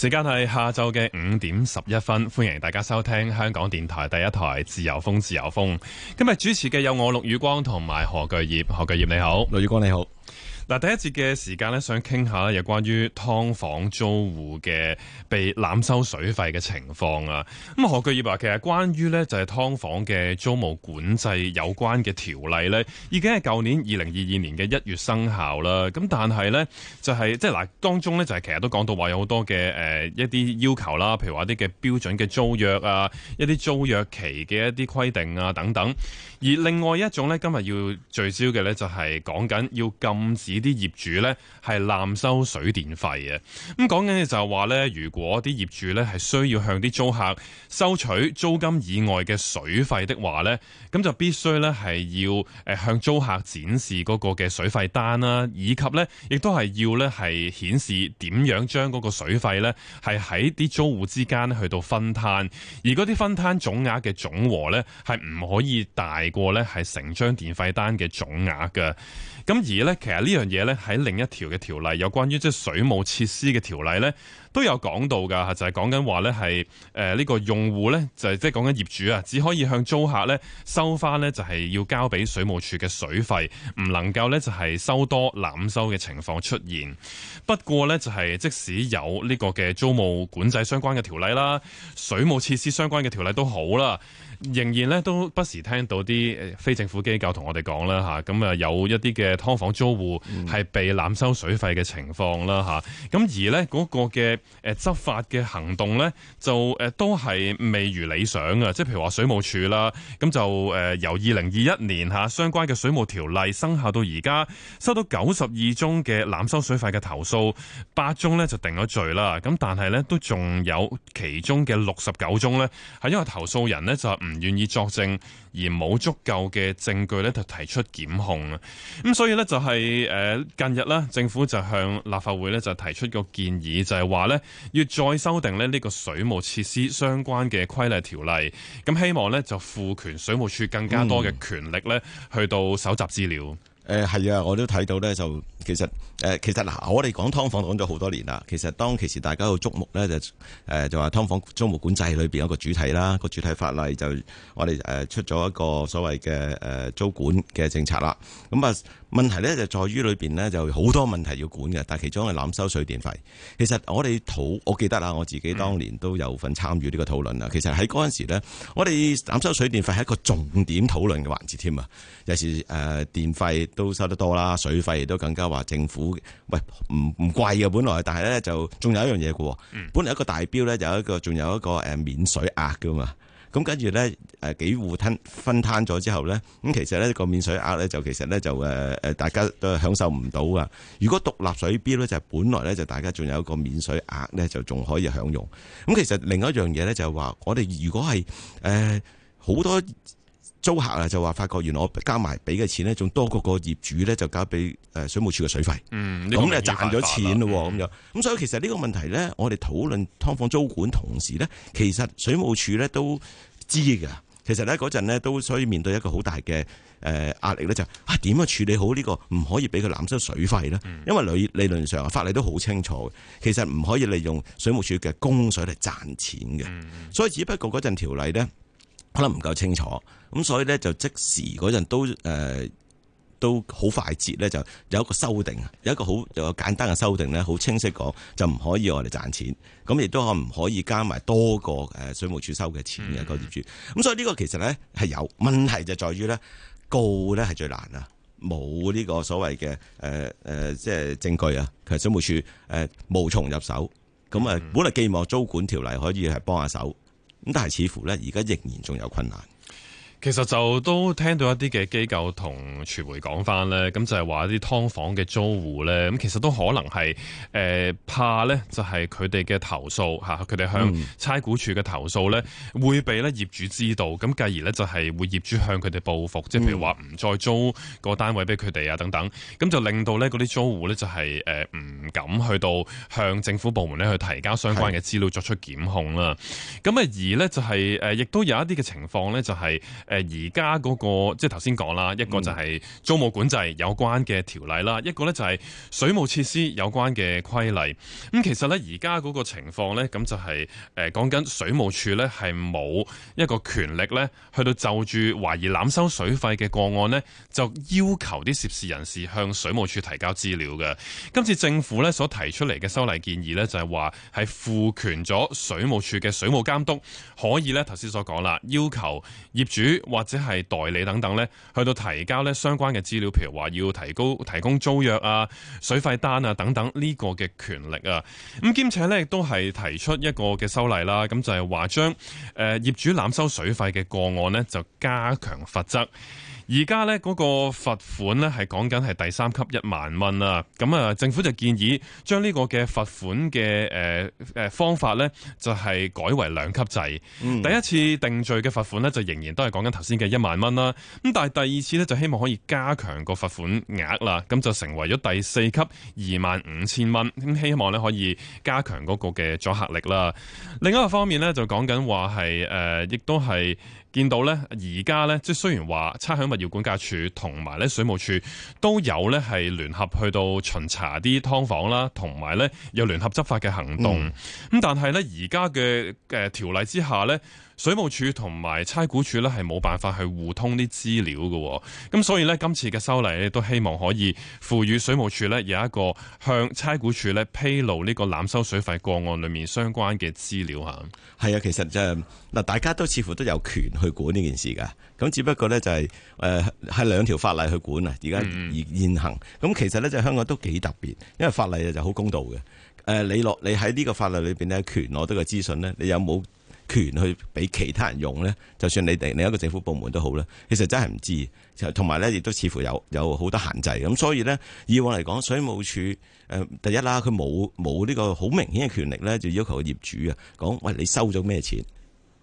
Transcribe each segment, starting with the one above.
時間係下晝嘅五點十一分，歡迎大家收聽香港電台第一台自由風自由風。今日主持嘅有我陸宇光同埋何巨業，何巨業你好，陸宇光你好。嗱，第一節嘅時間咧，想傾下咧，有關於劏房租戶嘅被濫收水費嘅情況啊。咁何巨業話，其實關於咧就係劏房嘅租務管制有關嘅條例咧，已經係舊年二零二二年嘅一月生效啦。咁但係咧就係即係嗱，當中咧就係其實都講到話有好多嘅誒一啲要求啦，譬如話一啲嘅標準嘅租約啊，一啲租約期嘅一啲規定啊等等。而另外一種咧，今日要聚焦嘅咧就係講緊要禁止啲業主咧係濫收水電費嘅。咁講緊嘅就係話咧，如果啲業主咧係需要向啲租客收取租金以外嘅水費的話咧，咁就必須咧係要誒向租客展示嗰個嘅水費單啦，以及咧亦都係要咧係顯示點樣將嗰個水費咧係喺啲租戶之間去到分攤，而嗰啲分攤總額嘅總和咧係唔可以大。過咧係成張電費單嘅總額噶，咁而咧其實呢樣嘢咧喺另一條嘅條例有關於即係水務設施嘅條例咧，都有講到噶，就係講緊話咧係誒呢個用戶咧就係即係講緊業主啊，只可以向租客咧收翻咧就係要交俾水務處嘅水費，唔能夠咧就係收多濫收嘅情況出現。不過咧就係即使有呢個嘅租務管制相關嘅條例啦，水務設施相關嘅條例都好啦。仍然咧都不時聽到啲誒非政府機構同我哋講啦吓，咁啊有一啲嘅劏房租戶係被濫收水費嘅情況啦吓，咁而咧個嘅誒執法嘅行動咧就誒都係未如理想嘅，即係譬如話水務署啦，咁就誒由二零二一年吓相關嘅水務條例生效到而家，收到九十二宗嘅濫收水費嘅投訴，八宗咧就定咗罪啦，咁但係咧都仲有其中嘅六十九宗咧，係因為投訴人咧就唔願意作證而冇足夠嘅證據咧，就提出檢控啊！咁所以咧就係誒近日咧，政府就向立法會咧就提出個建議，就係話咧要再修訂咧呢個水務設施相關嘅規例條例，咁希望咧就賦權水務處更加多嘅權力咧，去到搜集資料。嗯誒係啊！我都睇到咧，就其實誒其實嗱，我哋講劏房講咗好多年啦。其實當其時大家好注目咧，就誒就話劏房租務管制裏面有一個主題啦，個主題法例就我哋誒出咗一個所謂嘅誒租管嘅政策啦。咁啊問題咧就在於裏面呢，就好多問題要管嘅。但係其中係濫收水電費。其實我哋討我記得啦，我自己當年都有份參與呢個討論啦、嗯。其實喺嗰陣時呢，我哋濫收水電費係一個重點討論嘅環節添啊。有時誒電費。都收得多啦，水費亦都更加話政府喂唔唔貴嘅本來，但係咧就仲有一樣嘢嘅，本來一個大錶咧有一個仲有一個誒、呃、免水額噶嘛，咁跟住咧誒幾戶攤分攤咗之後咧，咁其實咧個免水額咧就其實咧就誒誒、呃、大家都享受唔到啊！如果獨立水錶咧就是、本來咧就大家仲有一個免水額咧就仲可以享用，咁其實另一樣嘢咧就係話我哋如果係誒好多。租客啊，就話發覺原來我加埋俾嘅錢呢，仲多過個業主呢，就交俾誒水務署嘅水費。咁你賺咗錢咯，咁、嗯、樣。咁所以其實呢個問題呢，我哋討論劏房租管同時呢，其實水務署呢都知噶。其實呢嗰陣呢，都所以面對一個好大嘅誒壓力呢、就是，就啊點樣處理好呢、這個唔可以俾佢濫收水費呢？因為理理論上法例都好清楚，其實唔可以利用水務署嘅供水嚟賺錢嘅。所以只不過嗰陣條例呢。可能唔夠清楚，咁所以咧就即時嗰陣都誒、呃、都好快捷咧，就有一個修訂啊，有一個好有個簡單嘅修訂咧，好清晰講就唔可以我哋賺錢，咁亦都可唔可以加埋多個誒水務署收嘅錢嘅個業主，咁、嗯、所以呢個其實咧係有問題就在於咧告咧係最難啊，冇呢個所謂嘅誒誒即係證據啊，其實水務署誒無從入手，咁啊本來寄望租管條例可以係幫下手。咁但係似乎咧，而家仍然仲有困難。其實就都聽到一啲嘅機構同傳媒講返咧，咁就係話啲劏房嘅租戶咧，咁其實都可能係誒、呃、怕咧，就係佢哋嘅投訴佢哋、啊、向差估處嘅投訴咧，會被咧業主知道，咁繼而咧就係、是、會業主向佢哋報復，即、嗯、係譬如話唔再租個單位俾佢哋啊等等，咁就令到咧嗰啲租戶咧就係、是、唔、呃、敢去到向政府部門咧去提交相關嘅資料作出檢控啦。咁啊而咧就係、是、亦、呃、都有一啲嘅情況咧，就係、是。誒而家嗰個即係頭先講啦，一個就係租務管制有關嘅條例啦，一個呢就係水務設施有關嘅規例。咁、嗯、其實呢，而家嗰個情況呢，咁就係誒講緊水務處呢係冇一個權力呢去到就住懷疑濫收水費嘅個案呢，就要求啲涉事人士向水務處提交資料嘅。今次政府呢所提出嚟嘅修例建議呢，就係話係賦權咗水務處嘅水務監督，可以呢頭先所講啦，要求業主，或者係代理等等咧，去到提交咧相關嘅資料，譬如話要提高提供租約啊、水費單啊等等呢個嘅權力啊，咁、嗯、兼且咧亦都係提出一個嘅修例啦，咁就係話將誒業主濫收水費嘅個案呢就加強罰則。而家呢嗰個罰款呢，係講緊係第三級一萬蚊啦，咁啊政府就建議將呢個嘅罰款嘅誒誒方法呢，就係改為兩級制，嗯、第一次定罪嘅罰款呢，就仍然都係講緊頭先嘅一萬蚊啦，咁但係第二次呢，就希望可以加強個罰款額啦，咁就成為咗第四級二萬五千蚊，咁希望呢，可以加強嗰個嘅阻嚇力啦。另一個方面呢，就講緊話係誒亦都係。見到咧，而家咧，即係雖然話差響物業管教處同埋咧水務處都有咧係聯合去到巡查啲劏房啦，同埋咧有聯合執法嘅行動。咁、嗯、但係咧，而家嘅誒條例之下咧。水務署同埋差估署咧，係冇辦法去互通啲資料噶，咁所以呢，今次嘅修例咧，都希望可以賦予水務署呢有一個向差估署呢披露呢個濫收水費個案裏面相關嘅資料吓。係啊，其實就嗱、是，大家都似乎都有權去管呢件事噶，咁只不過呢、就是，就係誒係兩條法例去管啊，而家現在現行，咁、嗯、其實呢就香港都幾特別，因為法例就好公道嘅。誒，你落你喺呢個法例裏邊呢，權攞得個資訊呢，你有冇？權去俾其他人用咧，就算你哋另一個政府部門都好啦，其實真係唔知，就同埋咧，亦都似乎有有好多限制，咁所以咧，以往嚟講，水務署誒、呃、第一啦，佢冇冇呢個好明顯嘅權力咧，就要求業主啊，講喂，你收咗咩錢？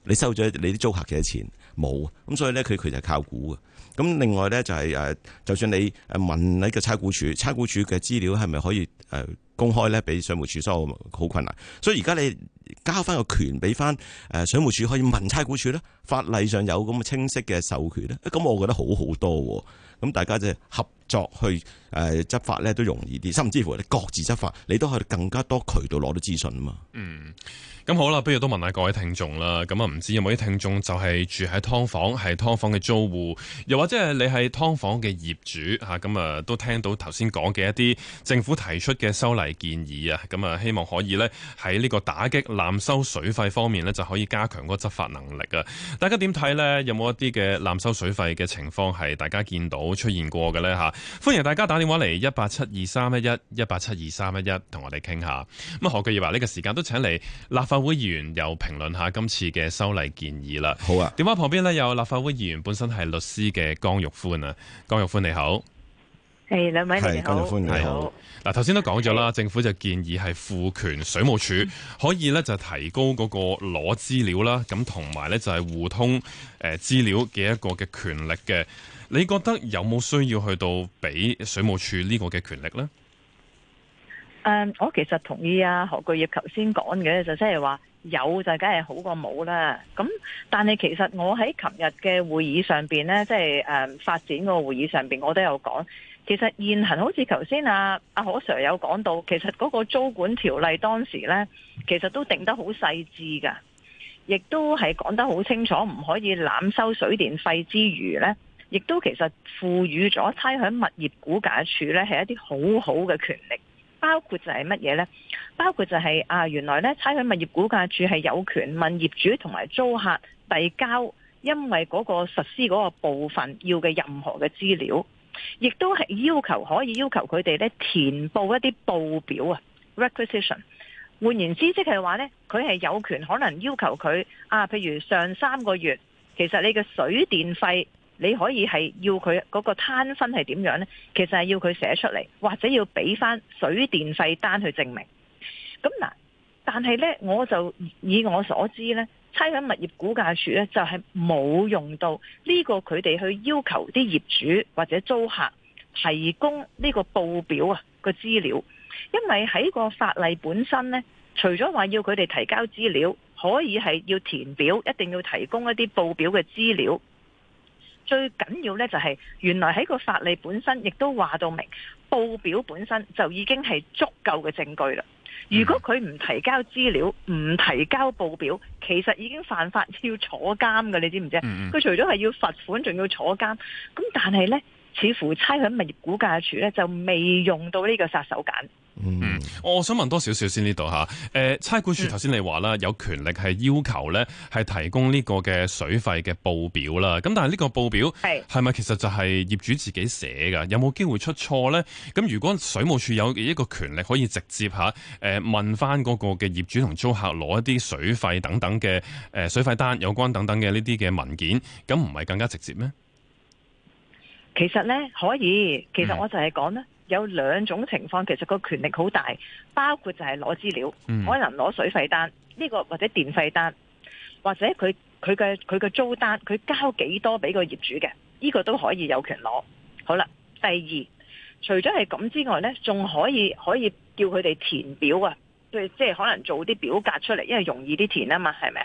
你收咗你啲租客幾多錢？冇，咁所以咧，佢佢就靠估嘅。咁另外咧就係誒，就算你誒問你個差餉處，差餉處嘅資料係咪可以誒公開咧，俾水務署收好困難。所以而家你交翻個權俾翻誒水務署，可以問差餉處咧，法例上有咁清晰嘅授權咧，咁我覺得好好多。咁大家即係合。作去、呃、執法咧都容易啲，甚至乎你各自執法，你都可以更加多渠道攞到資訊啊嘛。嗯，咁好啦，不如都問下各位聽眾啦。咁啊，唔知有冇啲聽眾就係住喺劏房，係劏房嘅租戶，又或者係你係劏房嘅業主吓咁啊，啊，都聽到頭先講嘅一啲政府提出嘅修例建議啊，咁啊，希望可以呢喺呢個打擊濫收水費方面呢，就可以加強個執法能力啊！大家點睇呢？有冇一啲嘅濫收水費嘅情況係大家見到出現過嘅呢吓？歡迎大家打電話嚟，一八七二三一一一八七二三一一，同我哋傾下。咁啊何巨業話呢個時間都請嚟立法會議員又評論下今次嘅修例建議啦。好啊，電話旁邊呢有立法會議員本身係律師嘅江玉歡啊，江玉歡你好。係兩位同事好，係歡迎你好。嗱，頭先都講咗啦，政府就建議係賦權水務署，可以咧就提高嗰個攞資料啦，咁同埋咧就係互通誒資料嘅一個嘅權力嘅。你覺得有冇需要去到俾水務署呢個嘅權力咧？誒、嗯，我其實同意啊何巨業頭先講嘅，就即係話有就梗係好過冇啦。咁但係其實我喺琴日嘅會議上邊咧，即係誒發展個會議上邊，我都有講。其實現行好似頭先啊阿可 Sir 有講到，其實嗰個租管條例當時呢，其實都定得好細緻噶，亦都係講得好清楚，唔可以濫收水電費之餘呢，亦都其實賦予咗差餉物業估價署呢係一啲好好嘅權力，包括就係乜嘢呢？包括就係、是、啊，原來呢，差餉物業估價署係有權問業主同埋租客遞交，因為嗰個實施嗰個部分要嘅任何嘅資料。亦都係要求，可以要求佢哋咧填報一啲報表啊 requisition，換言之，即係話咧，佢係有權可能要求佢啊，譬如上三個月，其實你嘅水電費，你可以係要佢嗰個攤分係點樣咧？其實係要佢寫出嚟，或者要俾翻水電費單去證明。咁嗱，但係咧，我就以我所知咧。差餉物業估價署咧，就係冇用到呢個佢哋去要求啲業主或者租客提供呢個報表啊個資料，因為喺個法例本身呢，除咗話要佢哋提交資料，可以係要填表，一定要提供一啲報表嘅資料。最緊要呢，就係原來喺個法例本身亦都話到明，報表本身就已經係足夠嘅證據啦。如果佢唔提交資料，唔提交報表，其實已經犯法要坐監㗎。你知唔知？佢除咗係要罰款，仲要坐監。咁但係呢。似乎差餉物業估價署咧，就未用到呢個殺手鐧。嗯，我想問多少少先呢度吓？誒，差估署頭先你話啦，有權力係要求咧，係提供呢個嘅水費嘅報表啦。咁但係呢個報表係係咪其實就係業主自己寫噶？有冇機會出錯咧？咁如果水務署有一個權力可以直接吓，誒問翻嗰個嘅業主同租客攞一啲水費等等嘅，誒水費單有關等等嘅呢啲嘅文件，咁唔係更加直接咩？其實咧可以，其實我就係講咧，有兩種情況，其實個權力好大，包括就係攞資料，嗯、可能攞水費單呢個或者電費單，或者佢佢嘅佢嘅租單，佢交幾多俾個業主嘅，呢個都可以有權攞。好啦，第二，除咗係咁之外咧，仲可以可以叫佢哋填表啊，即係可能做啲表格出嚟，因為容易啲填啊嘛，係咪？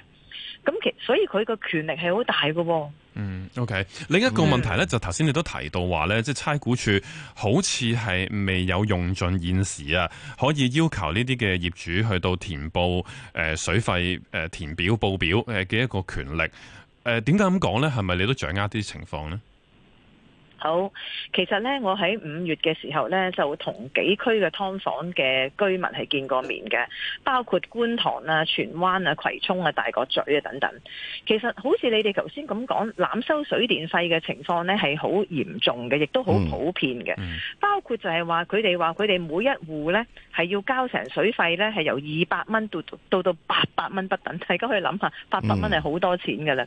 咁其所以佢個權力係好大嘅、哦嗯。嗯，OK。另一個問題呢，嗯、就頭先你都提到話呢，即、就、係、是、差估處好似係未有用盡現時啊，可以要求呢啲嘅業主去到填報誒水費誒填表報表誒嘅一個權力。誒、呃，點解咁講呢？係咪你都掌握啲情況呢？好，其實咧，我喺五月嘅時候咧，就同幾區嘅劏房嘅居民係見過面嘅，包括觀塘啊、荃灣啊、葵涌啊、大角咀啊等等。其實好似你哋頭先咁講，濫收水電費嘅情況咧係好嚴重嘅，亦都好普遍嘅、嗯。包括就係話佢哋話佢哋每一戶咧係要交成水費咧係由二百蚊到到到八百蚊不等。大家可以諗下，八百蚊係好多錢㗎啦。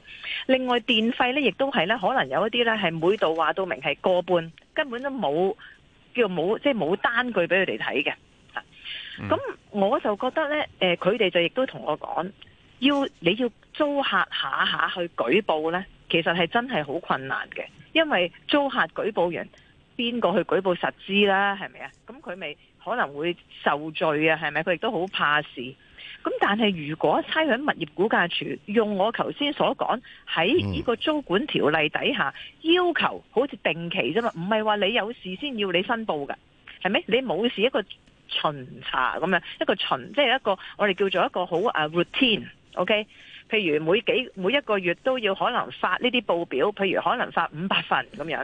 另外電費咧亦都係咧，可能有一啲咧係每度話都明。係過半根本都冇叫冇，即係冇單據俾佢哋睇嘅。咁我就覺得呢，誒、呃，佢哋就亦都同我講，要你要租客下下去舉報呢，其實係真係好困難嘅，因為租客舉報人邊個去舉報實知啦？係咪啊？咁佢咪可能會受罪啊？係咪？佢亦都好怕事。咁但係如果差餉物業估價處用我頭先所講喺呢個租管條例底下要求，好似定期啫嘛，唔係話你有事先要你申報㗎，係咪？你冇事一個巡查咁樣，一個巡，即係一個我哋叫做一個好 routine，OK？、Okay? 譬如每幾每一個月都要可能發呢啲報表，譬如可能發五百份咁樣，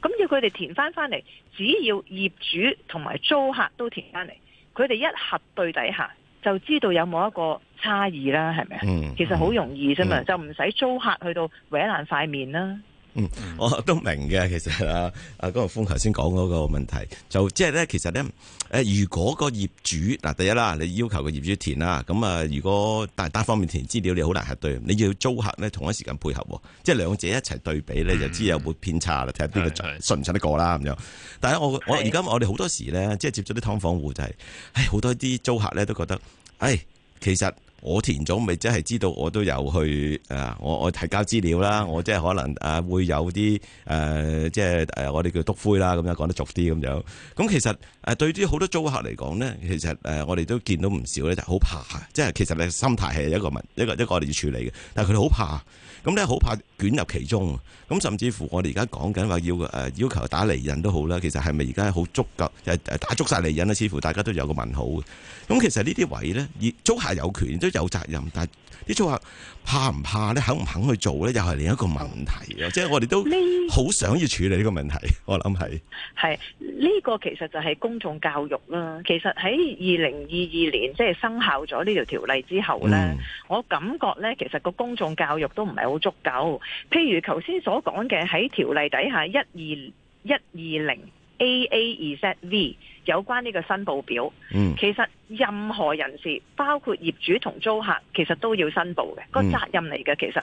咁要佢哋填翻翻嚟，只要業主同埋租客都填翻嚟，佢哋一核對底下。就知道有冇一個差異啦，係咪啊？其實好容易啫嘛，嗯，就唔使租客去到搲爛塊面啦。嗯，我都明嘅，其實啊，阿江浩峰頭先講嗰個問題，就即係咧，其實咧，誒，如果個業主嗱，第一啦，你要求個業主填啦，咁啊，如果但係單方面填資料，你好難核對，你要租客咧，同一時間配合喎，即係兩者一齊對比咧，你就知有冇偏差啦，睇下邊個信唔信得過啦咁樣。但係我我而家我哋好多時咧，即係接咗啲劏房戶就係、是，唉，好多啲租客咧都覺得，唉，其實。我填咗咪真係知道我，我都有去啊！我我提交資料啦，我即係可能啊會有啲誒、呃，即係誒我哋叫篤灰啦，咁樣講得俗啲咁樣。咁其實誒對啲好多租客嚟講咧，其實誒我哋都見到唔少咧，就好怕。即係其實你心態係一個問，一個一個我哋要處理嘅。但係佢好怕，咁咧好怕。捲入其中，咁甚至乎我哋而家講緊話要誒要求打釐印都好啦，其實係咪而家好足夠誒誒打足晒釐印咧？似乎大家都有個問號。咁其實呢啲位呢，租客有權都有責任，但啲租客怕唔怕咧，肯唔肯去做咧，又係另一個問題。即、嗯、係、就是、我哋都好想要處理呢個問題，我諗係係呢個其實就係公眾教育啦。其實喺二零二二年即係、就是、生效咗呢條條例之後咧、嗯，我感覺咧其實個公眾教育都唔係好足夠。譬如頭先所講嘅喺條例底下，一二一二零 A A 二 set V 有關呢個申報表、嗯，其實任何人士包括業主同租客，其實都要申報嘅，個、嗯、責任嚟嘅。其實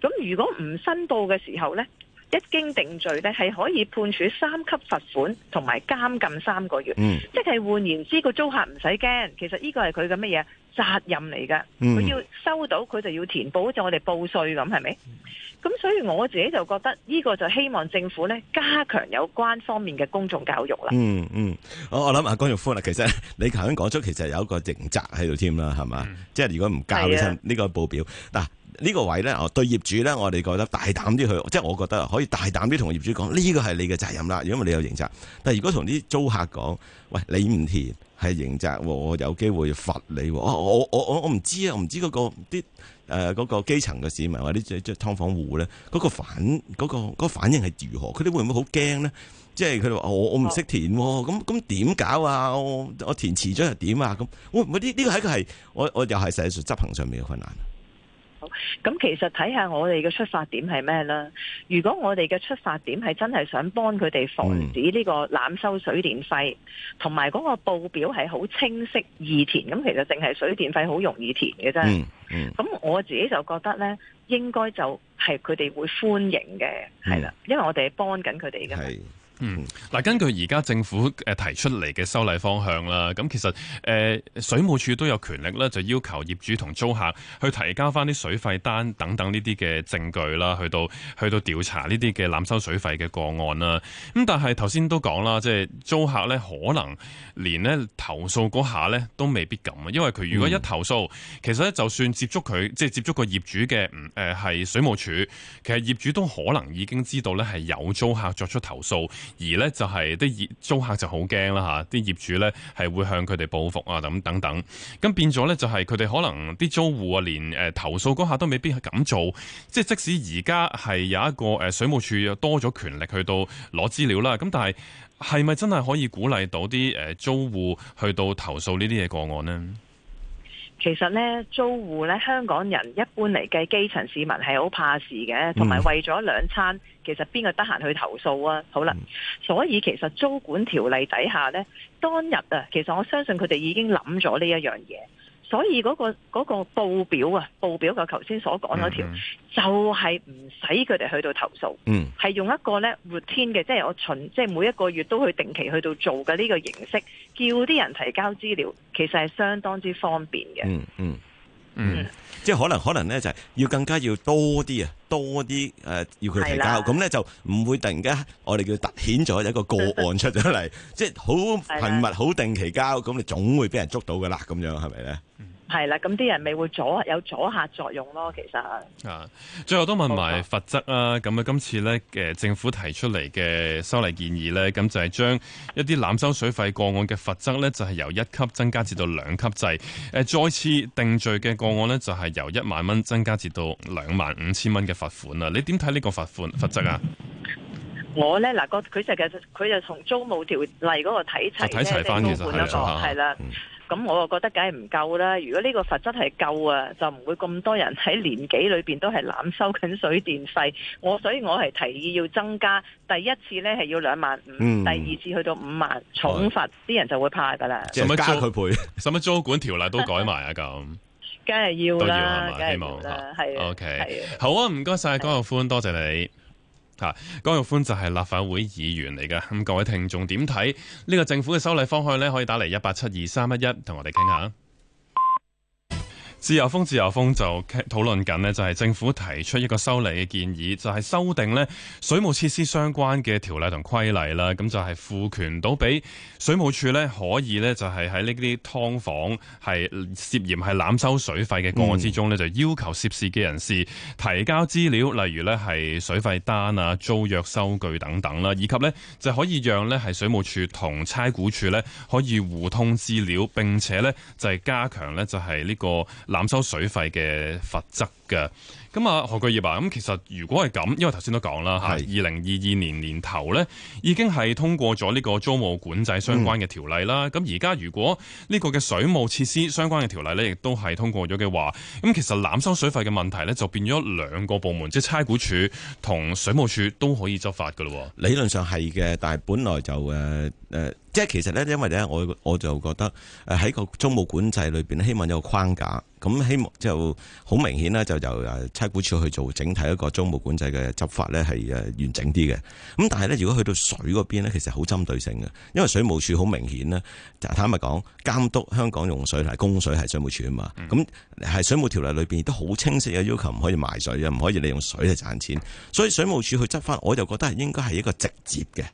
咁如果唔申報嘅時候呢，一經定罪呢係可以判處三級罰款同埋監禁三個月。嗯、即係換言之，個租客唔使驚，其實呢個係佢嘅乜嘢責任嚟嘅。佢、嗯、要收到佢就要填報，好似我哋報稅咁，係咪？咁所以我自己就覺得呢、這個就希望政府咧加強有關方面嘅公眾教育啦。嗯嗯，好，我諗阿江玉歡啊，其實你頭先講出其實有一個刑責喺度添啦，係嘛、嗯？即係如果唔交呢份呢個報表，嗱、這、呢個位咧，我對業主咧，我哋覺得大膽啲去，即、就、係、是、我覺得可以大膽啲同業主講，呢、這個係你嘅責任啦。因為你有刑責，但係如果同啲租客講，喂，你唔填係刑責，我有機會罰你。我我我我唔知啊，我唔知嗰、那個啲。誒嗰個基層嘅市民或者即即劏房戶咧，嗰個反嗰個嗰反應係如何？佢哋會唔會好驚咧？即係佢哋話我我唔識填喎，咁咁點搞啊？我我填遲咗又點啊？咁會唔會呢呢個係一個係我我又係實際上執行上面嘅困難。咁其實睇下我哋嘅出發點係咩啦？如果我哋嘅出發點係真係想幫佢哋防止呢個濫收水電費，同埋嗰個報表係好清晰易填，咁其實淨係水電費好容易填嘅啫。咁、嗯嗯、我自己就覺得呢，應該就係佢哋會歡迎嘅，係啦，因為我哋係幫緊佢哋噶。嗯，嗱，根據而家政府誒提出嚟嘅修例方向啦，咁其實誒、呃、水務署都有權力咧，就要求業主同租客去提交翻啲水費單等等呢啲嘅證據啦，去到去到調查呢啲嘅濫收水費嘅個案啦。咁但係頭先都講啦，即、就、係、是、租客咧可能連呢投訴嗰下咧都未必敢啊，因為佢如果一投訴，嗯、其實咧就算接觸佢，即係接觸個業主嘅，誒、呃、係水務署，其實業主都可能已經知道咧係有租客作出投訴。而咧就係啲租客就好驚啦嚇，啲業主咧係會向佢哋報復啊，等等等。咁變咗咧就係佢哋可能啲租戶啊，連誒投訴嗰下都未必係咁做。即係即使而家係有一個誒水務處又多咗權力去到攞資料啦，咁但係係咪真係可以鼓勵到啲誒租戶去到投訴呢啲嘢個案呢？其實咧租戶咧香港人一般嚟計基層市民係好怕事嘅，同、嗯、埋為咗兩餐，其實邊個得閒去投訴啊？好啦，所以其實租管條例底下咧，當日啊，其實我相信佢哋已經諗咗呢一樣嘢。所以嗰、那個嗰、那個、報表啊，報表就頭先所講嗰條，mm-hmm. 就係唔使佢哋去到投訴，係、mm-hmm. 用一個咧 routine 嘅，即、就、係、是、我巡，即係每一個月都去定期去到做嘅呢個形式，叫啲人提交資料，其實係相當之方便嘅。Mm-hmm. 嗯，即係可能可能咧，就係要更加要多啲啊，多啲誒，要佢提交，咁咧就唔會突然間我哋叫凸顯咗一個個案出咗嚟，即係好頻密、好定期交，咁你總會俾人捉到噶啦，咁樣係咪咧？係啦，咁啲人咪會阻有阻嚇作用咯，其實。啊，最後都問埋罰則啦。咁啊，今次咧嘅政府提出嚟嘅修例建議咧，咁就係將一啲濫收水費個案嘅罰則咧，就係、是、由一級增加至到兩級制。誒，再次定罪嘅個案咧，就係、是、由一萬蚊增加至到兩萬五千蚊嘅罰款啦。你點睇呢個罰款罰則、嗯、啊？我咧嗱，個佢就嘅，佢就從租務條例嗰個睇齊睇齊翻嘅，係啦。其實咁我又覺得梗係唔夠啦！如果呢個罰則係夠啊，就唔會咁多人喺年紀裏邊都係濫收緊水電費。我所以我係提議要增加第一次咧係要兩萬五，第二次去到五萬重罰，啲人就會怕噶啦。使乜佢賠。使乜租管條例都改埋啊咁。梗係要啦。都要係嘛？希望嚇。係啊。O K。係啊。好啊！唔該曬江玉歡，多謝你。江玉歡就係立法會議員嚟㗎。咁各位聽眾點睇呢個政府嘅修例方向呢？可以打嚟一八七二三一一，同我哋傾下。自由風，自由風就討論緊呢就係、是、政府提出一個修例嘅建議，就係、是、修訂呢水務設施相關嘅條例同規例啦。咁就係賦權到俾水務署呢可以呢就係喺呢啲劏房係涉嫌係濫收水費嘅個案之中呢、嗯、就要求涉事嘅人士提交資料，例如呢係水費單啊、租約收據等等啦，以及呢就可以讓呢係水務署同差估署呢可以互通資料，並且呢就係加強呢就係呢、這個。濫收水費嘅罰則嘅，咁啊何巨業啊，咁其實如果係咁，因為頭先都講啦嚇，二零二二年年頭咧已經係通過咗呢個租務管制相關嘅條例啦，咁而家如果呢個嘅水務設施相關嘅條例咧，亦都係通過咗嘅話，咁其實濫收水費嘅問題咧，就變咗兩個部門，即係差估處同水務處都可以執法嘅咯。理論上係嘅，但係本來就誒誒。呃即係其實咧，因為咧，我我就覺得誒喺個租務管制裏邊咧，希望有個框架。咁希望就好明顯啦，就由誒差估署去做整體一個租務管制嘅執法咧，係誒完整啲嘅。咁但係咧，如果去到水嗰邊咧，其實好針對性嘅，因為水務署好明顯啦，就坦白講，監督香港用水係供水係水務署啊嘛。咁、嗯、係水務條例裏邊亦都好清晰嘅要求，唔可以賣水啊，唔可以利用水嚟賺錢。所以水務署去執法，我就覺得係應該係一個直接嘅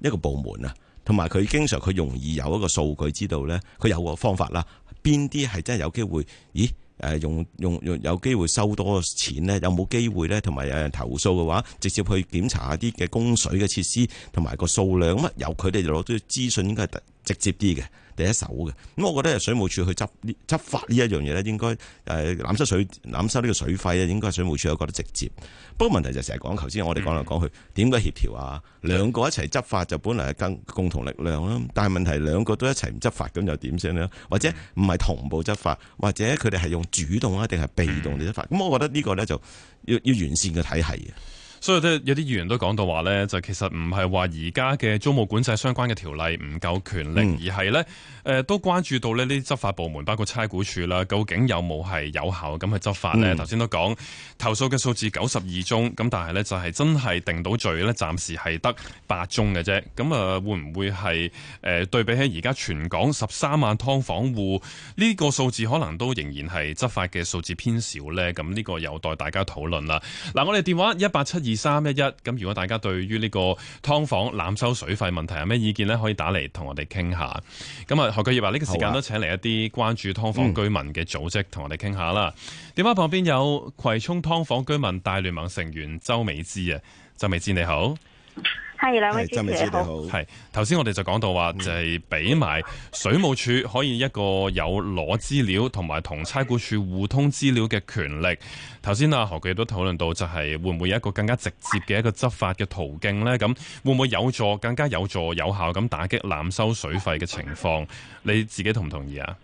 一個部門啊。同埋佢經常佢容易有一個數據知道咧，佢有個方法啦。邊啲係真係有機會？咦？誒用用用有機會收多錢咧？有冇機會咧？同埋有，有人投訴嘅話，直接去檢查下啲嘅供水嘅設施同埋個數量。咁由佢哋就攞咗啲資訊應該係直接啲嘅。第一手嘅，咁我覺得係水務署去執呢執法呢一樣嘢咧，應該誒攬收水攬收呢個水費咧，應該係水務署有覺得直接。不過問題就成日講頭先，我哋講嚟講去，點解協調啊？兩個一齊執法就本嚟係更共同力量啦。但係問題兩個都一齊唔執法咁又點先呢？或者唔係同步執法，或者佢哋係用主動啊定係被動嘅執法？咁我覺得呢個咧就要要完善個體系。所以咧，有啲議員都講到話咧，就其實唔係話而家嘅租務管制相關嘅條例唔夠權力，嗯、而係咧，誒、呃、都關注到咧呢啲執法部門包括差估處啦，究竟有冇係有，有效咁去執法咧？頭、嗯、先都講投訴嘅數字九十二宗，咁但係咧就係真係定到罪咧，暫時係得八宗嘅啫。咁啊，會唔會係誒、呃、對比起而家全港十三萬劏房戶呢、這個數字，可能都仍然係執法嘅數字偏少咧？咁呢個有待大家討論啦。嗱，我哋電話一八七二。二三一一，咁如果大家對於呢個劏房濫收水費問題有咩意見呢？可以打嚟同我哋傾下。咁啊，何桂葉話呢個時間都請嚟一啲關注㓥房居民嘅組織同我哋傾下啦。電話、啊嗯、旁邊有葵涌劏房居民大聯盟成員周美芝啊，周美芝你好。係兩位主持人好，係頭先我哋就講到話，就係俾埋水務署可以一個有攞資料同埋同差估署互通資料嘅權力。頭先阿何記都討論到，就係會唔會有一個更加直接嘅一個執法嘅途徑呢？咁會唔會有助更加有助有效咁打擊濫收水費嘅情況？你自己同唔同意啊？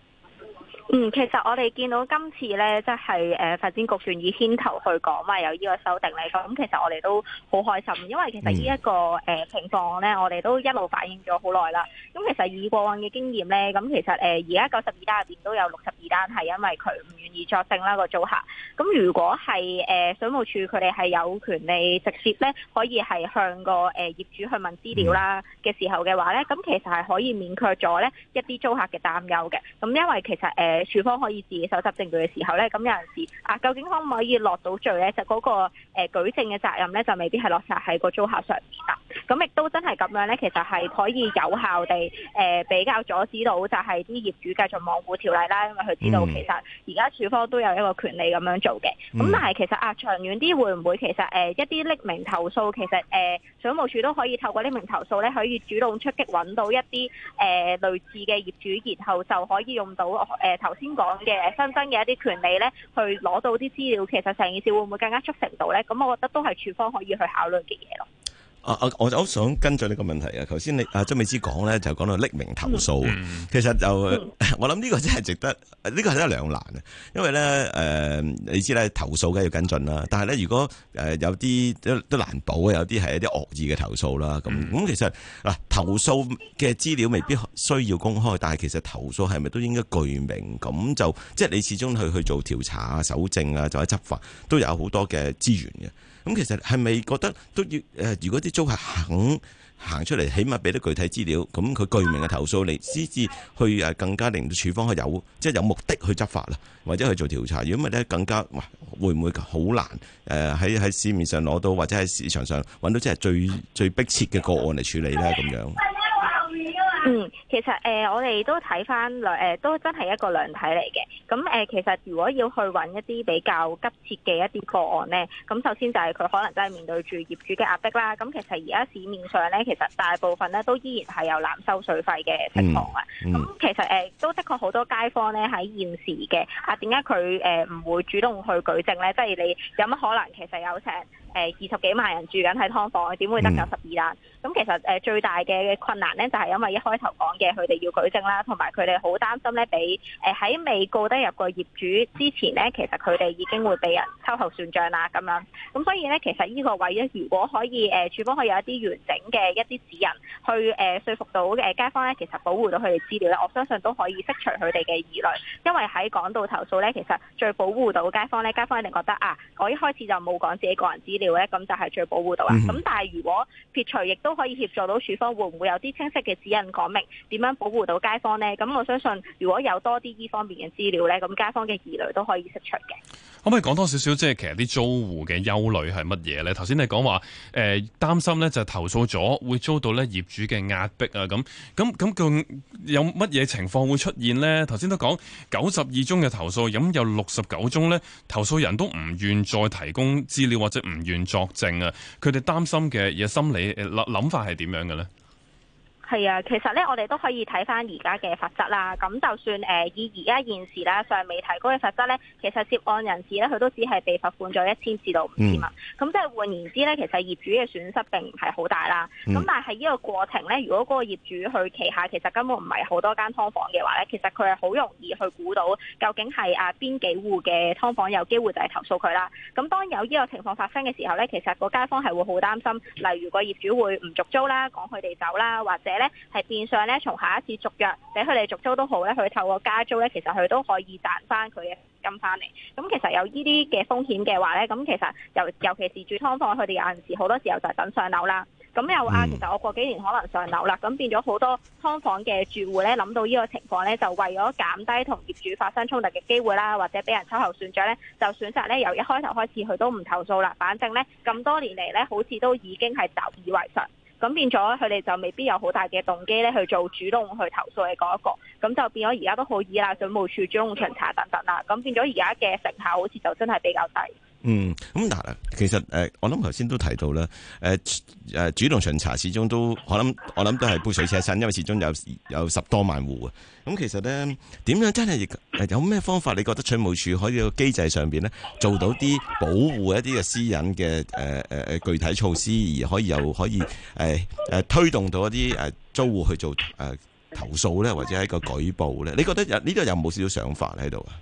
嗯，其實我哋見到今次咧，即係誒發展局願意牽頭去講嘛，有、呃、呢個修訂嚟咧。咁其實我哋都好開心，因為其實呢、這、一個誒、呃、情況咧，我哋都一路反映咗好耐啦。咁其實以過往嘅經驗咧，咁其實誒而家九十二單入面都有六十二單係因為佢唔願意作證啦、那個租客。咁如果係誒、呃、水務署佢哋係有權利直接咧，可以係向個誒、呃、業主去問資料啦嘅時候嘅話咧，咁其實係可以免卻咗咧一啲租客嘅擔憂嘅。咁因為其實誒、呃處方可以自己搜集證據嘅時候呢，咁有陣時啊，究竟可唔可以落到罪呢？就嗰、那個誒、呃、舉證嘅責任呢，就未必係落實喺個租客上邊噶。咁亦都真係咁樣呢，其實係可以有效地、呃、比較阻止到，就係啲業主繼續罔顧條例啦。因為佢知道其實而家處方都有一個權利咁樣做嘅。咁、嗯、但係其實啊，長遠啲會唔會其實、呃、一啲匿名投訴，其實誒水、呃、務署都可以透過匿名投訴呢，可以主動出擊揾到一啲、呃、類似嘅業主，然後就可以用到誒頭先講嘅新增嘅一啲權利呢，去攞到啲資料。其實成件事會唔會更加促成到呢？咁我覺得都係處方可以去考慮嘅嘢咯。啊！我我就好想跟進呢個問題啊！頭先你阿周美芝講咧，就講到匿名投訴，嗯、其實就我諗呢個真係值得，呢、呢個係一兩難啊！因為咧，誒、呃、你知咧，投訴梗係要跟進啦，但係咧，如果誒、呃、有啲都都難保嘅，有啲係一啲惡意嘅投訴啦。咁咁其實嗱、啊，投訴嘅資料未必需要公開，但係其實投訴係咪都應該具名？咁就即係你始終去去做調查啊、搜證啊，就係執法都有好多嘅資源嘅。咁其實係咪覺得都要？誒，如果啲租客肯行出嚟，起碼俾啲具體資料，咁佢具名嘅投訴你，私自去誒更加令到處方係有，即係有目的去執法啦，或者去做調查。如果唔係咧，更加哇，會唔會好難？誒，喺喺市面上攞到，或者喺市場上揾到，即係最最迫切嘅個案嚟處理咧，咁樣。嗯。其實誒、呃，我哋都睇翻兩誒，都真係一個量體嚟嘅。咁誒、呃，其實如果要去揾一啲比較急切嘅一啲個案咧，咁首先就係佢可能真係面對住業主嘅壓迫啦。咁其實而家市面上咧，其實大部分咧都依然係有濫收水費嘅情況啊。咁、嗯嗯、其實誒、呃，都的確好多街坊咧喺現時嘅啊，點解佢誒唔會主動去舉證咧？即、就、係、是、你有乜可能？其實有成誒二十幾萬人住緊喺劏房嘅，點會得九十二呢單？咁、嗯、其實誒、呃，最大嘅困難咧就係、是、因為一開頭。講嘅佢哋要舉證啦，同埋佢哋好擔心咧，俾誒喺未告得入個業主之前咧，其實佢哋已經會被人秋後算賬啦，咁樣。咁所以咧，其實呢個位咧，如果可以誒署、呃、方可以有一啲完整嘅一啲指引去，去、呃、誒說服到誒街坊咧，其實保護到佢哋資料咧，我相信都可以釋除佢哋嘅疑慮。因為喺港島投訴咧，其實最保護到街坊咧，街坊一定覺得啊，我一開始就冇講自己個人資料咧，咁就係最保護到啊。咁、嗯、但係如果撇除，亦都可以協助到署方，會唔會有啲清晰嘅指引講明？點樣保護到街坊呢？咁我相信，如果有多啲依方面嘅資料呢，咁街坊嘅疑慮都可以釋出嘅。可唔可以講多少少？即係其實啲租戶嘅憂慮係乜嘢呢？頭先你講話誒，呃、擔心呢就係投訴咗會遭到呢業主嘅壓迫啊。咁咁咁更有乜嘢情況會出現呢？頭先都講九十二宗嘅投訴，咁有六十九宗呢，投訴人都唔願再提供資料或者唔願作證啊。佢哋擔心嘅嘢心理誒、呃、諗法係點樣嘅呢？係啊，其實咧，我哋都可以睇翻而家嘅罰則啦。咁就算誒、呃、以而家現時啦，尚未提高嘅罰則咧，其實涉案人士咧，佢都只係被罰款咗一千至到五千啊。咁、嗯、即係換言之咧，其實業主嘅損失並唔係好大啦。咁但係呢個過程咧，如果嗰個業主去旗下其實根本唔係好多間劏房嘅話咧，其實佢係好容易去估到究竟係啊邊幾戶嘅劏房有機會就係投訴佢啦。咁當有呢個情況發生嘅時候咧，其實個街坊係會好擔心。例如個業主會唔續租啦，趕佢哋走啦，或者，咧係變相咧，從下一次續約，俾佢哋續租都好咧，佢透過加租咧，其實佢都可以賺翻佢嘅資金翻嚟。咁其實有呢啲嘅風險嘅話咧，咁其實由尤其是住劏房，佢哋有陣時好多時候就係等上樓啦。咁又啊，其實我過幾年可能上樓啦。咁變咗好多劏房嘅住戶咧，諗到呢個情況咧，就為咗減低同業主發生衝突嘅機會啦，或者俾人秋後算帳咧，就選擇咧由一開頭開始佢都唔投訴啦。反正咧咁多年嚟咧，好似都已經係習以為常。咁變咗，佢哋就未必有好大嘅動機咧去做主動去投訴嘅嗰一個，咁就變咗而家都好依賴水務署主動巡查等等啦，咁變咗而家嘅成效好似就真係比較低。嗯，咁嗱，其實誒、呃，我諗頭先都提到啦，誒、呃、誒，主動巡查始終都，可能我諗我諗都係杯水車薪，因為始終有有十多萬戶嘅。咁、嗯、其實咧，點樣真係、呃、有咩方法？你覺得水務署可以個機制上邊咧，做到啲保護一啲嘅私隱嘅誒誒誒具體措施，而可以又可以誒誒、呃、推動到一啲誒租戶去做誒、呃、投訴咧，或者係個舉報咧？你覺得有呢度有冇少少想法喺度啊？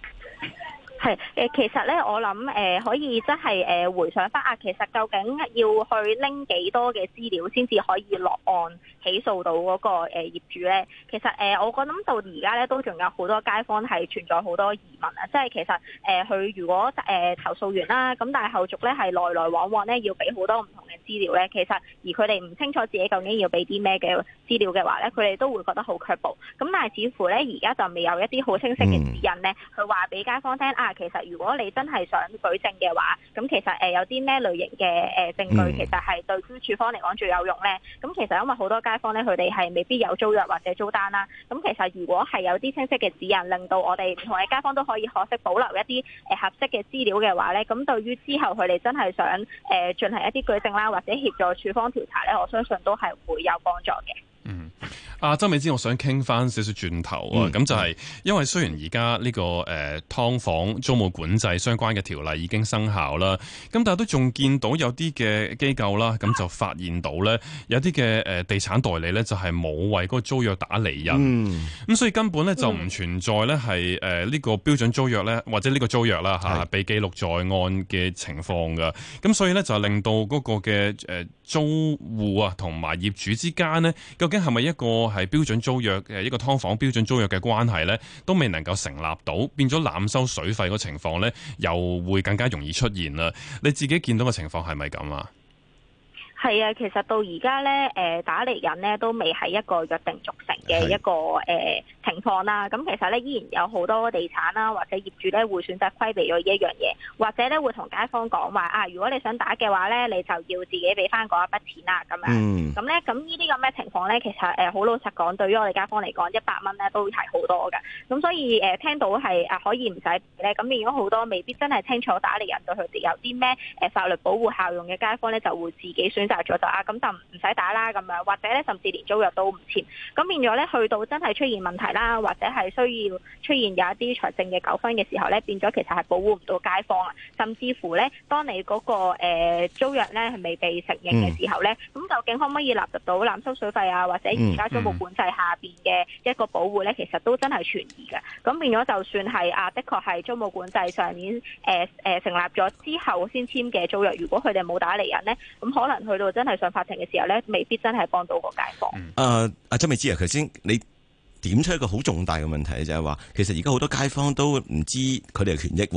係誒，其實咧，我諗誒、呃，可以即係誒，回想翻啊，其實究竟要去拎幾多嘅資料先至可以落案起訴到嗰、那個誒、呃、業主咧？其實誒、呃，我諗到而家咧，都仲有好多街坊係存在好多疑問啊！即係其實誒，佢、呃、如果誒、呃、投訴完啦，咁但係後續咧係來來往往咧，要俾好多唔同嘅資料咧，其實而佢哋唔清楚自己究竟要俾啲咩嘅資料嘅話咧，佢哋都會覺得好卻步。咁但係似乎咧，而家就未有一啲好清晰嘅指引咧，去話俾街坊聽啊。其實如果你真係想舉證嘅話，咁其實誒有啲咩類型嘅誒證據，其實係對於處方嚟講最有用咧。咁其實因為好多街坊咧，佢哋係未必有租約或者租單啦。咁其實如果係有啲清晰嘅指引，令到我哋唔同嘅街坊都可以學識保留一啲誒合適嘅資料嘅話咧，咁對於之後佢哋真係想誒進行一啲舉證啦，或者協助處方調查咧，我相信都係會有幫助嘅。嗯。啊周美芝，我想傾翻少少轉頭啊！咁、嗯、就係因為雖然而家呢個誒、呃、劏房租務管制相關嘅條例已經生效啦，咁但係都仲見到有啲嘅機構啦，咁、啊、就發現到咧有啲嘅地產代理咧就係、是、冇為嗰個租約打理人，咁、嗯、所以根本咧、嗯、就唔存在咧係呢、呃這個標準租約咧或者呢個租約啦吓被記錄在案嘅情況噶，咁所以咧就令到嗰個嘅、呃、租戶啊同埋業主之間咧究竟係咪一個。係標準租約一個劏房標準租約嘅關係呢都未能夠成立到，變咗濫收水費嗰情況呢又會更加容易出現啦。你自己見到嘅情況係咪咁啊？係啊，其實到而家咧，誒，打嚟人咧都未喺一個約定俗成嘅一個誒、呃、情況啦、啊。咁其實咧依然有好多地產啦、啊，或者業主咧會選擇規避咗呢一樣嘢，或者咧會同街坊講話啊，如果你想打嘅話咧，你就要自己俾翻嗰一筆錢啊，咁樣。咁、嗯、咧，咁呢啲咁嘅情況咧，其實誒好老實講，對於我哋街坊嚟講，一百蚊咧都會係好多嘅。咁所以誒、呃、聽到係啊可以唔使俾咧，咁如果好多未必真係清楚打嚟人對佢哋有啲咩誒法律保護效用嘅街坊咧，就會自己選。咗就啊，咁就唔使打啦咁樣，或者咧，甚至連租約都唔簽，咁變咗咧，去到真係出現問題啦，或者係需要出現有一啲財政嘅糾紛嘅時候咧，變咗其實係保護唔到街坊啊，甚至乎咧，當你嗰個誒租約咧係未被承認嘅時候咧，咁究竟可唔可以納入到濫收水費啊，或者而家租務管制下邊嘅一個保護咧，其實都真係存疑嘅。咁變咗就算係啊的確係租務管制上年誒誒、呃、成立咗之後先簽嘅租約，如果佢哋冇打嚟人咧，咁可能佢。真係上法庭嘅時候咧，未必真係幫到個街坊。誒、嗯，阿、啊、周美芝啊,頭先你點出一個好重大嘅問題就係話，其實而家好多街坊都唔知佢哋嘅權益，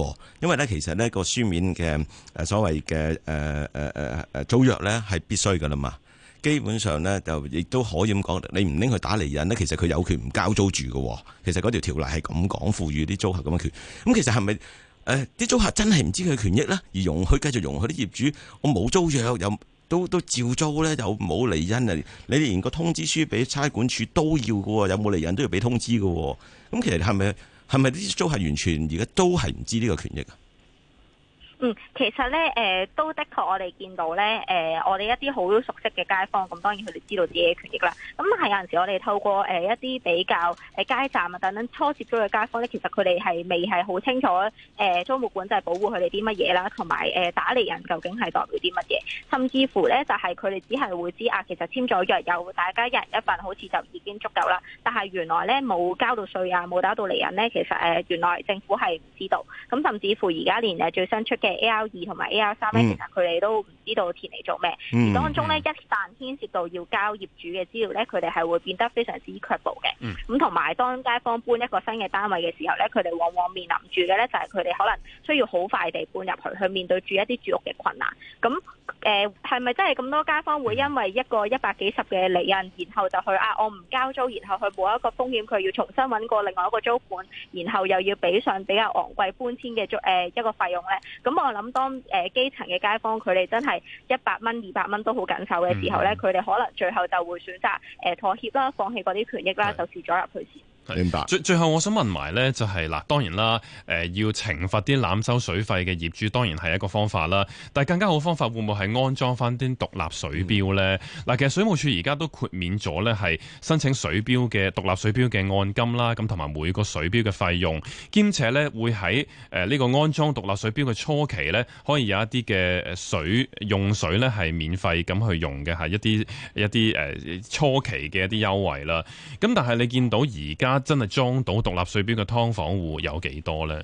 因為咧，其實呢個書面嘅誒所謂嘅誒誒誒誒租約咧係必須噶啦嘛。基本上咧就亦都可以咁講，你唔拎佢打嚟人呢,其實佢有權唔交租住嘅。其實嗰條條例係咁講，賦予啲租客咁嘅權。咁其實係咪誒啲租客真係唔知佢嘅權益咧，而容許繼續容許啲業主我冇租約又，有都都照租咧，有冇離因啊？你哋連個通知書俾差館處都要㗎喎，有冇離人都要俾通知㗎喎。咁其實係咪係咪啲租客完全而家都係唔知呢個權益啊？嗯，其實咧，誒都的確我、呃，我哋見到咧，誒我哋一啲好熟悉嘅街坊，咁當然佢哋知道自己嘅權益啦。咁係有陣時，我哋透過一啲比較誒街站啊等等初接觸嘅街坊咧，其實佢哋係未係好清楚誒租務管制保護佢哋啲乜嘢啦，同埋打厘印究竟係代表啲乜嘢，甚至乎咧就係佢哋只係會知啊，其實簽咗約有大家一人一份，好似就已經足夠啦。但係原來咧冇交到稅啊，冇打到厘印咧，其實、呃、原來政府係唔知道。咁甚至乎而家連最新出嘅。A L 二同埋 A L 三咧，其實佢哋都唔知道填嚟做咩，而、嗯、當中咧一旦牽涉到要交業主嘅資料咧，佢哋係會變得非常之卻步嘅。咁同埋當街坊搬一個新嘅單位嘅時候咧，佢哋往往面臨住嘅咧就係佢哋可能需要好快地搬入去，去面對住一啲住屋嘅困難。咁誒係咪真係咁多街坊會因為一個一百幾十嘅利潤，然後就去啊我唔交租，然後去冇一個風險，佢要重新揾過另外一個租款，然後又要俾上比較昂貴搬遷嘅租、呃、一個費用咧？咁我諗當誒、呃、基層嘅街坊佢哋真係一百蚊、二百蚊都好緊手嘅時候咧，佢、嗯、哋可能最後就會選擇誒、呃、妥協啦，放棄嗰啲權益啦，就住咗入去先。明白。最最後我想問埋咧，就係、是、嗱，當然啦，誒、呃、要懲罰啲濫收水費嘅業主，當然係一個方法啦。但係更加好嘅方法，會唔會係安裝翻啲獨立水表咧？嗱、嗯，其實水務署而家都豁免咗咧，係申請水表嘅獨立水表嘅按金啦，咁同埋每個水表嘅費用，兼且咧會喺誒呢個安裝獨立水表嘅初期咧，可以有一啲嘅水用水咧係免費咁去用嘅，吓一啲一啲誒初期嘅一啲優惠啦。咁但係你見到而家。真係裝到獨立水表嘅劏房戶有幾多咧？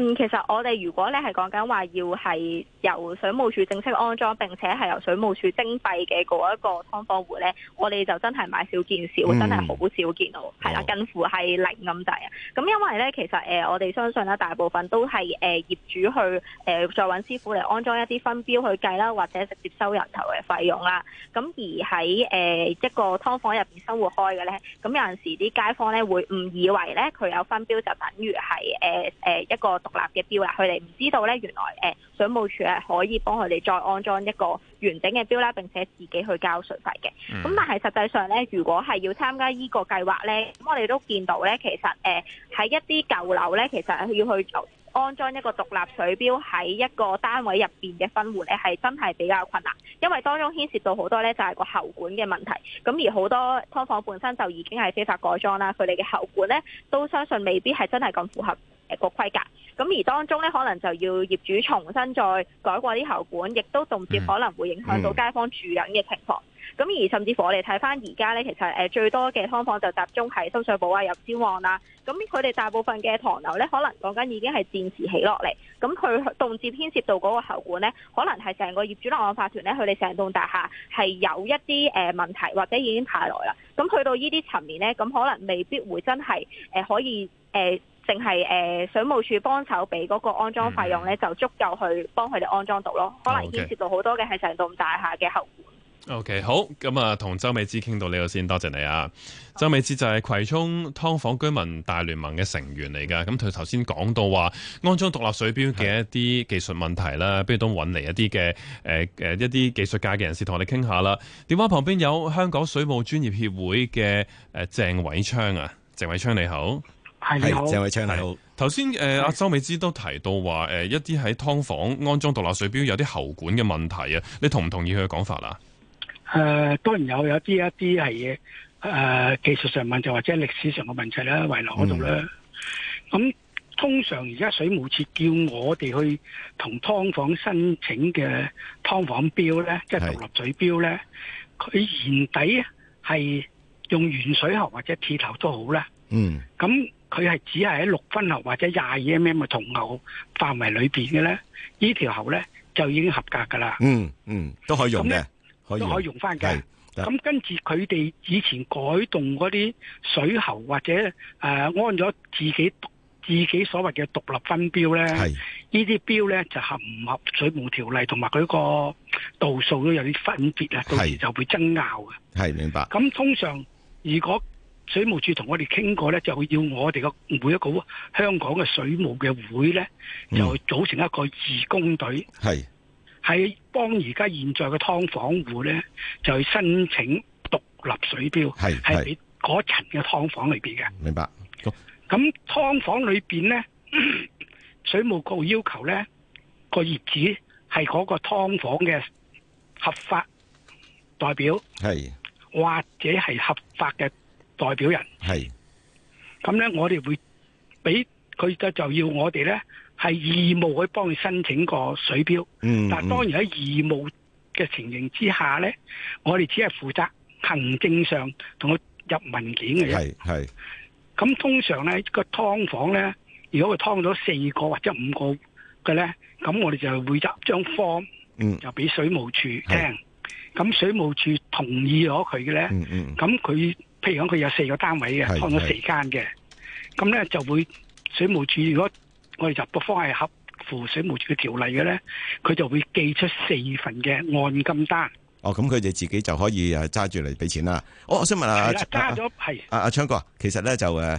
嗯，其實我哋如果咧係講緊話要係由水務署正式安裝並且係由水務署徵費嘅嗰一個劏房戶咧，我哋就真係買少見少，真係好少見到，係、嗯、啦、哦，近乎係零咁滯啊！咁因為咧，其實、呃、我哋相信啦大部分都係誒、呃、業主去誒、呃、再搵師傅嚟安裝一啲分錶去計啦，或者直接收人頭嘅費用啦。咁而喺誒、呃、一個劏房入面生活開嘅咧，咁有陣時啲街坊咧會誤以為咧佢有分錶就等於係誒、呃呃、一個。獨立嘅錶啦，佢哋唔知道呢，原來誒，水務署係可以幫佢哋再安裝一個完整嘅錶啦，並且自己去交水費嘅。咁但係實際上呢，如果係要參加呢個計劃呢，咁我哋都見到呢，其實誒喺一啲舊樓呢，其實要去安裝一個獨立水錶喺一個單位入邊嘅分戶呢，係真係比較困難，因為當中牽涉到好多呢，就係個喉管嘅問題。咁而好多劏房本身就已經係非法改裝啦，佢哋嘅喉管呢，都相信未必係真係咁符合。誒個規格，咁而當中咧，可能就要業主重新再改過啲喉管，亦都動接可能會影響到街坊住緊嘅情況。咁、嗯嗯、而甚至乎我哋睇翻而家咧，其實誒最多嘅劏房就集中喺深水埗啊、油尖旺啦。咁佢哋大部分嘅唐樓咧，可能講緊已經係戰時起落嚟。咁佢動接牽涉到嗰個喉管咧，可能係成個業主立案法團咧，佢哋成棟大廈係有一啲誒問題，或者已經太耐啦。咁去到呢啲層面咧，咁可能未必會真係誒可以誒。呃定係水務署幫手俾嗰個安裝費用咧、嗯，就足夠去幫佢哋安裝到咯。啊 okay. 可能牽涉到好多嘅係成棟大廈嘅後顧。OK，好咁啊，同周美芝傾到呢度先，多謝你啊。周美芝就係葵涌劏房居民大聯盟嘅成員嚟噶。咁佢頭先講到話安裝獨立水錶嘅一啲技術問題啦，不如都揾嚟一啲嘅、呃、一啲技術界嘅人士同我哋傾下啦。電話旁邊有香港水務專業協會嘅誒、呃、鄭偉昌啊，鄭偉昌你好。係，鄭偉昌，你好。頭先，誒，阿、呃、周美芝都提到話，誒、呃，一啲喺劏房安裝獨立水表有啲喉管嘅問題啊，你同唔同意佢嘅講法啊？誒、呃，當然有，有啲一啲係誒技術上問題，就或者歷史上嘅問題啦，遺留嗰度咧。咁、嗯、通常而家水務署叫我哋去同劏房申請嘅劏房表咧，即係獨立水表咧，佢原底係用原水喉或者鐵頭都好咧。嗯。咁佢係只係喺六分喉或者廿二 mm 嘅銅喉範圍裏面嘅咧，條喉呢條喉咧，就已經合格噶啦。嗯嗯，都可以用嘅，都可以用翻嘅。咁跟住佢哋以前改動嗰啲水喉或者誒按咗自己自己所謂嘅獨立分錶咧，錶呢啲錶咧，就合唔合水務條例同埋佢個度數都有啲分別啊，到時就會爭拗嘅。係，明白。咁通常如果水務署同我哋傾過咧，就要我哋嘅每一個香港嘅水務嘅會咧，就組成一個義工隊，係、嗯、喺幫而家現在嘅劏房戶咧，就去申請獨立水錶，係喺嗰層嘅劏房裏邊嘅。明白。好。咁劏房裏面咧，水務局要求咧，個業主係嗰個劏房嘅合法代表，係或者係合法嘅。代表人咁咧，我哋會俾佢就就要我哋咧係義務去幫佢申請個水標。嗯嗯、但當當然喺義務嘅情形之下咧，我哋只係負責行政上同佢入文件嘅啫。咁，通常咧個劏房咧，如果佢劏咗四個或者五個嘅咧，咁我哋就會責將 form 就俾水務署聽。咁、嗯、水務署同意咗佢嘅咧，咁、嗯、佢。嗯譬如講佢有四個單位嘅，看咗四間嘅，咁咧就會水務署如果我哋入嘅方係合乎水務署嘅條例嘅咧，佢就會寄出四份嘅按金單。哦，咁佢哋自己就可以誒揸住嚟俾錢啦。我、哦、我想問下揸咗？阿阿、啊啊啊、昌哥其實咧就誒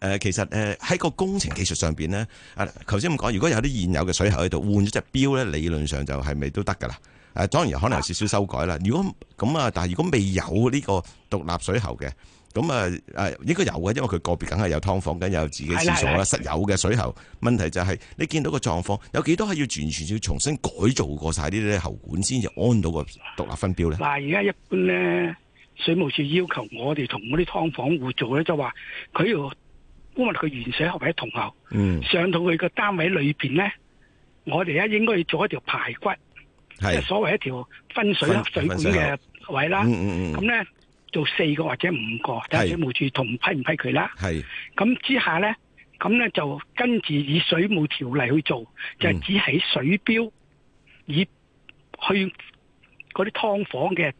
誒，其實誒喺個工程技術上邊咧，啊頭先咁講，如果有啲現有嘅水喉喺度，換咗隻表咧，理論上就係咪都得噶啦？誒，當然可能有少少修改啦。如果咁啊，但係如果未有呢個獨立水喉嘅，咁啊誒，應該有嘅，因為佢個別梗係有劏房，梗有自己廁所啦。室友嘅水喉問題就係、是、你見到個狀況，有幾多係要完全要重新改造過晒呢啲喉管，先至安到個獨立分表咧。嗱，而家一般咧，水務署要求我哋同嗰啲劏房戶做咧，就話佢要因為佢原水喉者同喉，嗯，上到佢個單位裏邊咧，我哋咧應該要做一條排骨。係、就是、所謂一條分水水管嘅位啦，咁咧做四個或者五個，就係水務署同批唔批佢啦。係咁之下咧，咁咧就跟住以水務條例去做，就是、只喺水表以去嗰啲劏房嘅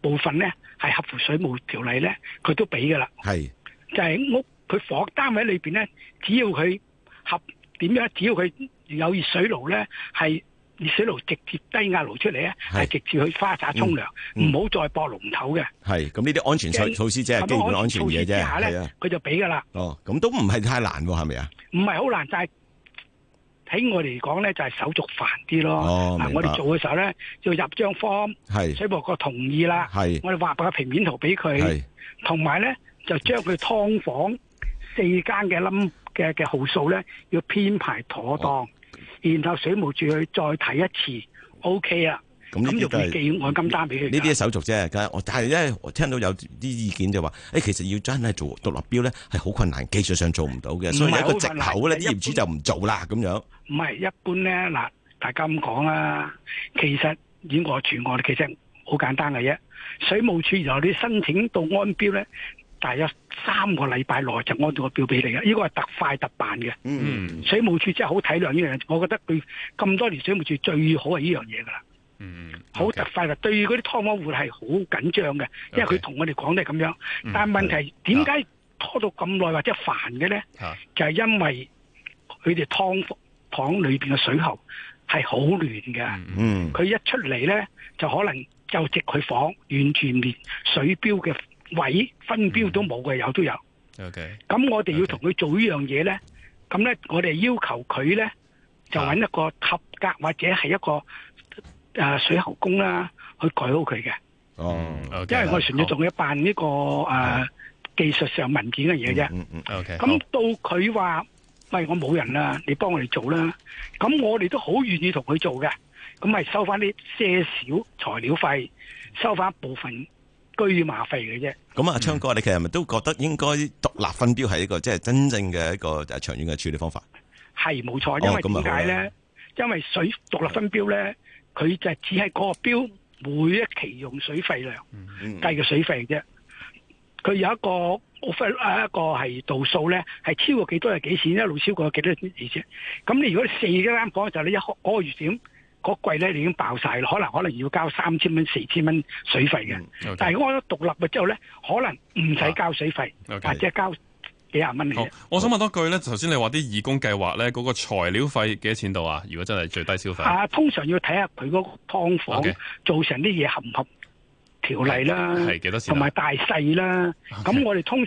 部分咧，係合乎水務條例咧，佢都俾噶啦。係就係、是、屋佢房單位裏邊咧，只要佢合點樣，只要佢有熱水爐咧，係。熱水爐直接低壓爐出嚟啊，係直接去花灑沖涼，唔好再駁龍頭嘅。係咁呢啲安全措措施，即係基本安全嘅嘢啫。佢就俾噶啦。哦，咁都唔係太難，係咪啊？唔係好難，就係喺我哋嚟講咧，就係手續煩啲咯。我哋做嘅時候咧，要入張 form，水務局同意啦。我哋畫個平面圖俾佢，同埋咧就將佢劏房四間嘅冧嘅嘅號數咧要編排妥當。然後水務處去再提一次，OK 啊，咁就寄按金單俾佢。呢啲手續啫，但係，但係咧我聽到有啲意見就話，誒其實要真係做獨立標咧係好困難，技術上做唔到嘅，所以有一個藉口咧，業主就唔做啦咁樣。唔係，一般咧嗱，大家咁講啦，其實按我全按，其實好簡單嘅啫。水務處由你申請到安標咧。大約三個禮拜內就按住表來，這個表俾你嘅，呢個係特快特辦嘅。嗯，水務署真係好體諒呢樣嘢，我覺得佢咁多年水務署最好係呢樣嘢噶啦。嗯，好特快啦，okay. 對嗰啲湯房戶係好緊張嘅，okay. 因為佢同我哋講都係咁樣。嗯。但問題點解拖到咁耐或者煩嘅咧？就係因為佢哋湯房裏邊嘅水喉係好亂嘅。嗯，佢，嗯就是嗯嗯，一出嚟咧，就可能就直去房，完全連水表嘅。位分標都冇嘅、嗯，有都有。OK，咁我哋要同佢做一呢樣嘢咧，咁、okay. 咧我哋要求佢咧、啊、就搵一個合格或者係一個誒、呃、水喉工啦，去改好佢嘅。哦、嗯，okay, 因為我純粹仲要辦呢個誒、啊啊、技術上文件嘅嘢啫。嗯嗯，OK。咁、嗯 okay, 到佢話，喂，我冇人啦，你幫我哋做啦。咁我哋都好願意同佢做嘅。咁咪收翻啲些，些少材料費，收翻部分。居麻費嘅啫。咁、嗯、啊，昌、嗯、哥，你其實係咪都覺得應該獨立分錶係一個即係真正嘅一個長遠嘅處理方法？係冇錯，因為點解咧？因為水獨立分錶咧，佢就只係個個錶每一期用水費量、嗯、計嘅水費啫。佢有一個 o 一個係度數咧，係超過多幾多係幾錢，一路超過幾多幾錢。咁你如果你四啱啱講就你一嗰個月點？嗰、那個、季咧已經爆晒啦，可能可能要交三千蚊、四千蚊水費嘅。Okay. 但係如果我覺得獨立嘅之後咧，可能唔使交水費，啊 okay. 或者交幾廿蚊。好，我想問多句咧，頭先你話啲義工計劃咧嗰、那個材料費幾多錢度啊？如果真係最低消費啊，通常要睇下佢嗰劏房、okay. 做成啲嘢合唔合條例啦，同埋、啊、大細啦。咁我哋通。